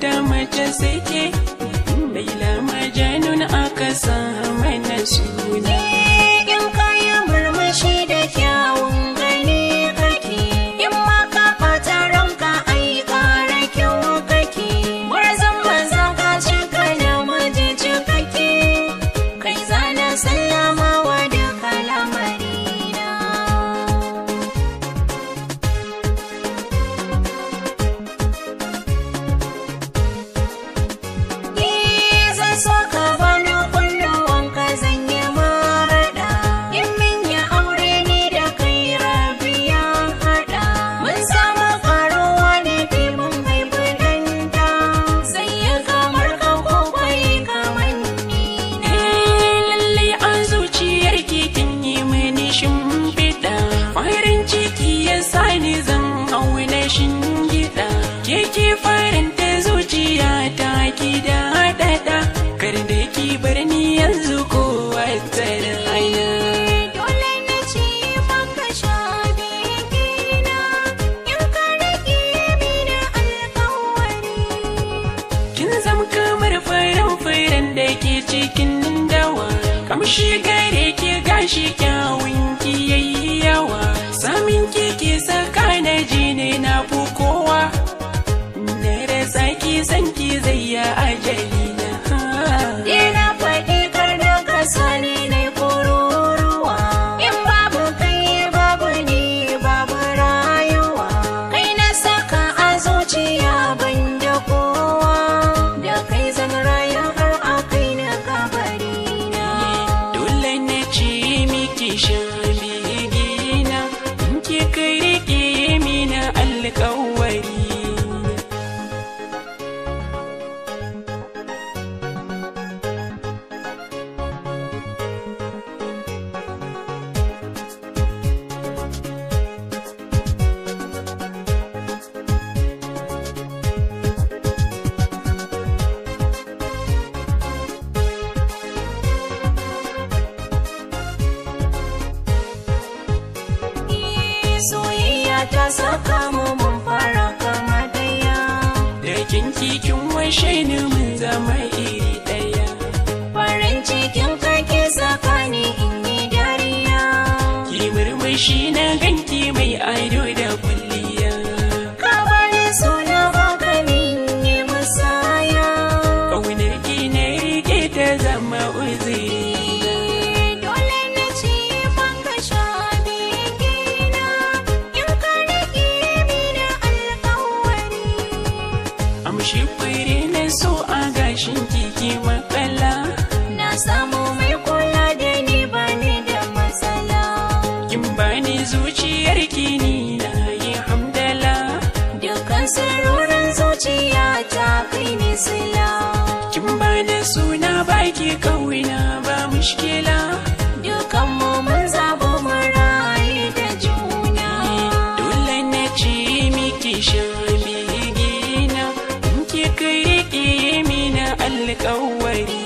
da mace suke laila majanun aka sa na suna birni yanzu kowa da aina dole na ce maka shabe gina in ka rage mini alkawari kin zama kamar faran faran da ke cikin dawa kamshi gare ke gashi kyawun ki yayi yawa Samun ki ke saka na jini na fi na rasa ki ki zai ya ajali ta saka mu mun fara kama ɗaya. da kinki kin wai shaini mun zama ki makala na samu mai kula da ni ba ni da matsala kin bani zuciyar ki ni na yi hamdala dukkan sirruran zuciya ta kai ni sila kin bani suna baki kauna ba mushkila dukkan mu mun zabo da juna dole na ci miki shan bigina in ki kai alƙawari